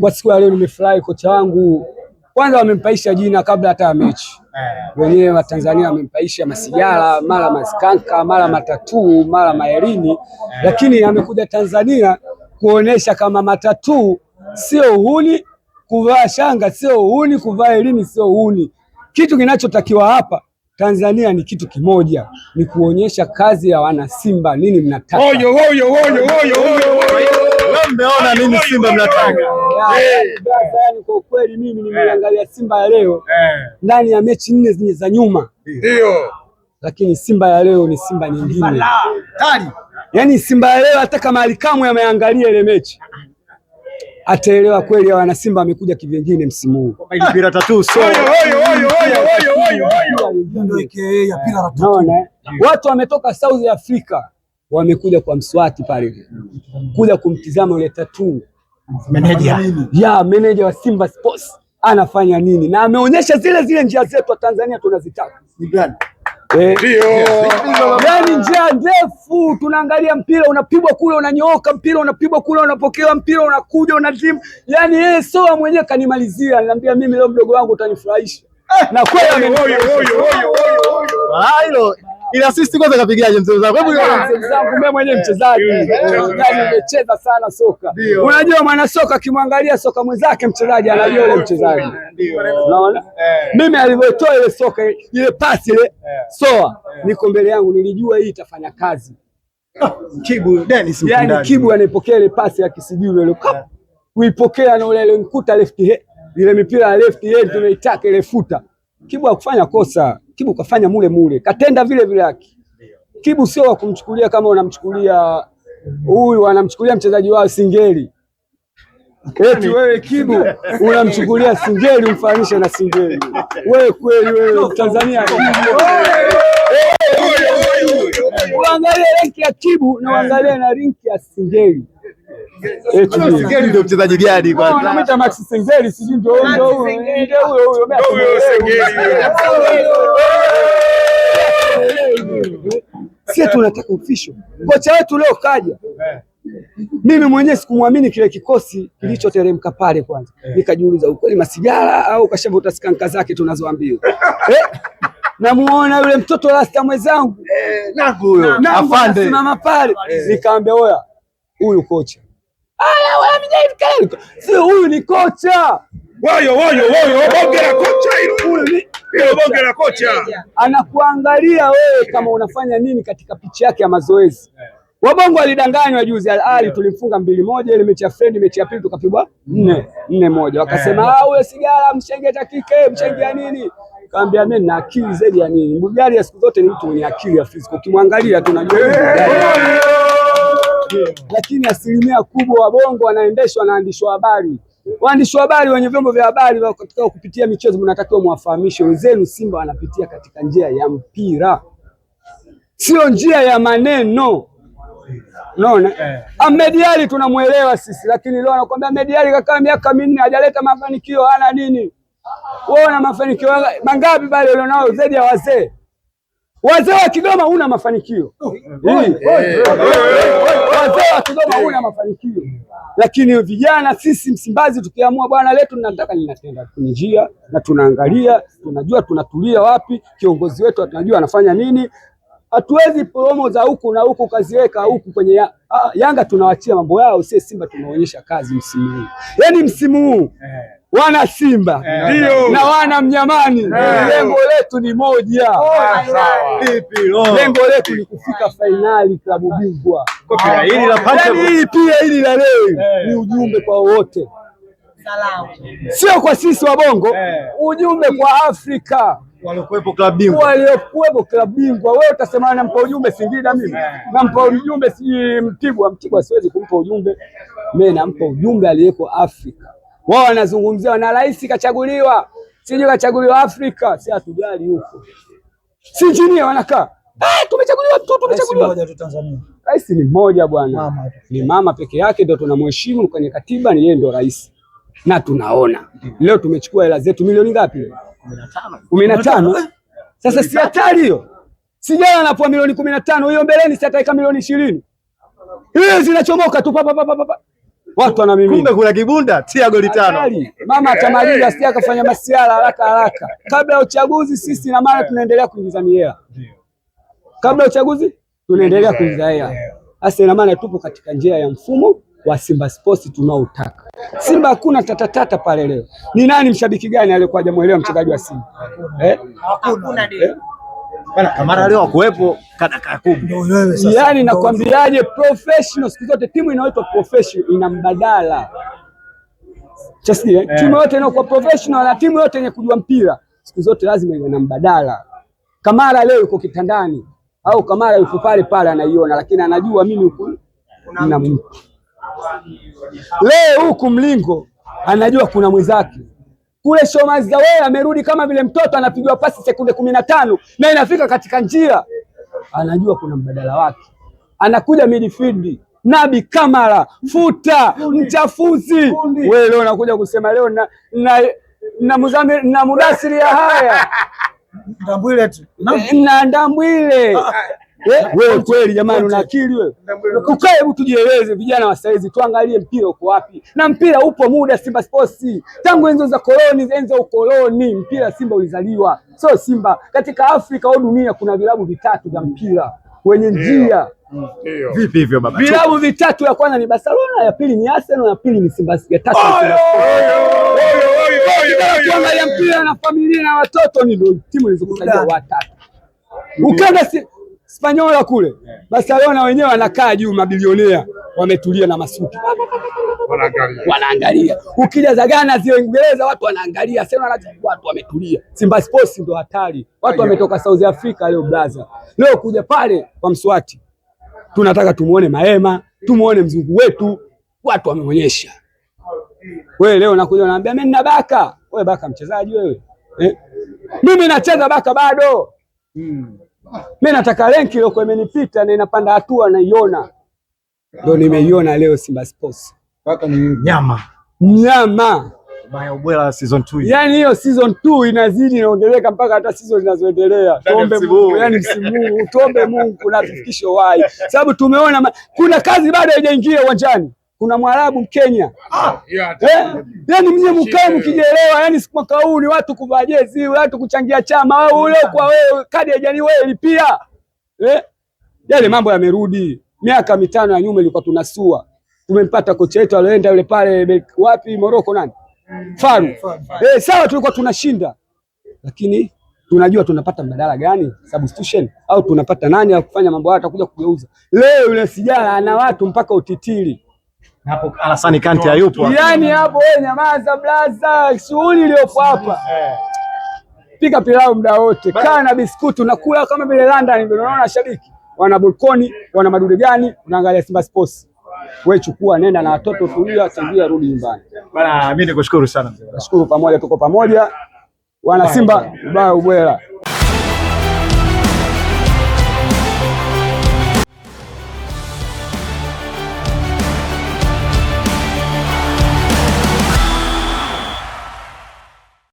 Kwa siku ya leo nimefurahi, kocha wangu kwanza wamempaisha jina kabla hata ya mechi, eh. wenyewe wa Tanzania wamempaisha Masigara, mara Maskanka, mara Matatuu, mara Maerini, eh. lakini amekuja Tanzania kuonesha kama Matatuu sio uhuni, kuvaa shanga sio uhuni, kuvaa elini sio uhuni. Kitu kinachotakiwa hapa Tanzania ni kitu kimoja, ni kuonyesha kazi ya wana Simba. Nini mnataka? oyo, oyo, oyo, oyo, oyo, oyo mmeona mimi Simba mnataka? Yani kwa kweli mimi nimeangalia Simba ya leo ndani ya mechi nne zenye za nyuma, ndio lakini Simba ya leo ni Simba nyingine kali. Yani Simba ya leo hata kama alikamwe ameangalia ile mechi ataelewa kweli wana Simba amekuja kivingine msimu huu. Mpira tatu so. Eh? Watu wametoka South Africa wamekuja kwa mswati pale kuja kumtizama yule tatuu meneja ya meneja wa Simba Sports anafanya nini, na ameonyesha zile zile njia zetu wa Tanzania tunazitaka eh. yaani njia ndefu, tunaangalia mpira unapigwa kule, unanyooka mpira unapigwa kule, unapokewa mpira, unakuja unazima. Yaani yeye soa mwenyewe kanimalizia, niambia mimi leo mdogo wangu utanifurahisha, eh. na kweli ila sisi kwanza kapigaje, mzee wangu? Hebu mzee wangu, mimi mwenyewe mchezaji nimecheza sana soka. Unajua mwana soka akimwangalia soka mwenzake mchezaji anajua yule mchezaji, unaona. Eh. Mimi alivyotoa ile soka ile pasi ile eh. soa, eh. niko mbele yangu, nilijua hii itafanya kazi. Kibu Dennis, yani Kibu anaipokea ile pasi ya kisijui ile kuipokea na ule ile mkuta left ile mipira ya left hand tunaitaka ile futa, Kibu hakufanya kosa. Kibu kafanya mule mule, katenda vile vile haki. Kibu sio wa kumchukulia kama unamchukulia huyu, anamchukulia mchezaji wao Singeli. Eti wewe Kibu unamchukulia Singeli, umfananishe na Singeli? Wewe kweli wewe Tanzania. Uangalie ranki ya Kibu na uangalie na ranki ya Singeli. Eh, Singeli ndio mchezaji gani Max sijui ndio huyo huyo tunataka ufisho. Kocha wetu leo kaja. Mimi mwenyewe sikumwamini kile kikosi kilichoteremka pale kwanza. Eh. Nikajiuliza ukweli masigara au kashamba utasikanka zake tunazoambiwa. Eh, namuona yule mtoto rasta mwenzangu. nangu huyo. Afande. Simama pale. Nikaambia oya huyu kocha wewe si huyu ni kocha wayo wayo wayo, bonge la kocha hilo, bonge la kocha anakuangalia wewe kama unafanya nini katika pichi yake ya mazoezi. Wabongo walidanganywa juzi, Al Ahly tulimfunga mbili moja, ile mechi ya friend, mechi ya pili tukapigwa nne nne moja, wakasema eh. ah, ule sigara mshenge mshengeta kike mshenge ya nini Kaambia mimi na akili zaidi ya nini? Bulgaria siku zote ni mtu mwenye akili ya fiziki, ukimwangalia tu yeah lakini asilimia kubwa wabongo wanaendeshwa na waandishi wa habari. Waandishi wa habari wenye vyombo vya habari katika kupitia michezo, mnatakiwa mwafahamishe wenzenu Simba wanapitia katika njia ya mpira, sio njia ya maneno. Unaona, eh. Ahmed Ally tunamwelewa sisi, lakini leo anakuambia Ahmed Ally kakaa miaka minne hajaleta mafanikio, ana nini? Wewe una mafanikio mangapi pale ulionao zaidi ya wazee? Wazee wa Kigoma una mafanikio, wazee wa Kigoma una mafanikio, lakini vijana sisi Msimbazi tukiamua bwana letu nataka ninatenda kwenye njia, na tunaangalia tunajua tunatulia wapi, kiongozi wetu tunajua anafanya nini. Hatuwezi promo za huku na huku ukaziweka huku kwenye ya, a, ah, Yanga tunawachia mambo yao, sie Simba tunaonyesha kazi msimu huu, yaani msimu huu eh wana Simba eh. ndio na wana Mnyamani, eh. lengo letu ni moja. Oh, lengo letu ni kufika fainali klabu bingwa. Ah. Yaani hili pia hili la leo eh. ni ujumbe kwa wote, sio kwa sisi wabongo, ujumbe kwa Afrika waliokuwepo klabu bingwa, waliokuwepo klabu bingwa. Wewe utasema nampa ujumbe Singida, mimi nampa ujumbe si Mtibwa. Mtibwa siwezi kumpa ujumbe, mimi nampa ujumbe aliyeko Afrika wao wanazungumzia na rais kachaguliwa, sijui kachaguliwa Afrika, si hatujali huko, si injinia wanakaa eh, tumechaguliwa tu, tumechaguliwa. Rais ni mmoja bwana, ni mama peke yake ndio tunamheshimu kwenye katiba, ni yeye ndio rais na tunaona leo tumechukua hela zetu milioni ngapi? kumi na tano. Eh? Sasa si hatari hiyo? Sijana anapoa milioni kumi na tano hiyo, mbeleni si ataweka milioni ishirini. Hiyo zinachomoka tu pa watu mimi. Kumbe kuna kibunda, tia goli tano, mama atamaliza, eh. sija akafanya masiala haraka haraka kabla ya uchaguzi. Sisi na maana tunaendelea kuingiza kabla ya uchaguzi, tunaendelea eh. kuingiza hela hasa. Ina maana tupo katika njia ya mfumo wa Simba Sports tunaotaka. Simba hakuna tatatata pale leo. Ni nani mshabiki gani aliyekuwa hajamuelewa mchezaji wa Simba? Eh? Hakuna. Eh? Hakuna. Bana Kamara leo akuwepo kadaka kubwa. Yaani nakwambiaje, professional siku zote timu inaitwa professional ina mbadala. Chasi, eh, eh? Timu yote inakuwa professional na timu yote yenye kujua mpira siku zote lazima iwe na mbadala. Kamara leo yuko kitandani au Kamara yuko pale pale anaiona, lakini anajua mimi huku na mtu. Leo huku mlingo anajua kuna mwenzake kule Shomazi Dawe amerudi kama vile mtoto anapigwa pasi sekunde kumi na tano na inafika katika njia, anajua kuna mbadala wake, anakuja midfield Nabi Kamara, futa mchafuzi wewe, leo nakuja kusema leo na, na, na, Muzamil, na Mudasiri ya haya na Ndambwile ah. Eh, wewe kweli jamani, una akili wewe? Ukae, hebu tujieleze, vijana wa saizi, tuangalie mpira uko wapi, na mpira upo muda. Simba Sports tangu enzi za koloni, za ukoloni, mpira Simba ulizaliwa, sio Simba katika Afrika au dunia. Kuna vilabu vitatu vya mpira wenye njia mm, vipi hivyo baba? Vilabu vitatu, ya kwanza ni Barcelona, ya pili ni Arsenal, ya pili ni Simba, ya tatu kuangalia mpira na familia na watoto, ni timu ilizokusaidia watatu ukenda Spanyola kule eh. Barcelona wenyewe wanakaa juu, mabilionea wametulia na masuti wanaangalia, wanaangalia. Ukija za Ghana zile Uingereza watu wanaangalia, sema watu wametulia. Simba Sports ndio hatari, watu wametoka South Africa leo blaza, leo kuja pale kwa Mswati, tunataka tumuone Maema, tumuone mzungu wetu, watu wameonyesha. Wewe leo nakuja naambia mimi nina baka, wewe baka mchezaji wewe eh? mimi nacheza baka bado hmm. Mimi nataka renki iliyokuwa imenipita na inapanda hatua naiona, ndio nimeiona leo Simba Sports. Paka ni nyama nyama Ubwela season 2. Yaani hiyo season 2 inazidi inaongezeka mpaka hata season zinazoendelea. Tuombe Mungu, yani msimu huu tuombe Mungu na tufikishe wapi. Sababu tumeona kuna kazi bado haijaingia uwanjani kuna Mwarabu Mkenya ah, yeah, eh? Yani mnye mkae mkijielewa, yani siku mwaka huu ni watu kuvaa jezi, watu kuchangia chama au ule mm. kwa wewe kadi ya jani wewe lipia eh? Yale mm. mambo yamerudi. Miaka mitano ya nyuma ilikuwa tunasua, tumempata kocha wetu alioenda yule pale wapi Moroko, nani mm. Faru eh, sawa, tulikuwa tunashinda, lakini tunajua tunapata mbadala gani substitution, au tunapata nani ya kufanya mambo haya atakuja kugeuza. Leo yule Sijara ana watu mpaka utitili hapo Alasani Kanti hayupo. Yaani hapo wewe nyamaza blaza, shughuli iliyopo hapa. Eh. Pika pilau muda wote, kaa na biskuti unakula kama vile London vile unaona shabiki. Wana balkoni, wana madude gani? Unaangalia Simba Sports. Wewe chukua nenda na watoto tulia, changia rudi nyumbani. Bana, mimi nikushukuru sana mzee. Nashukuru pamoja tuko pamoja. Wana Simba ubaya ubwela.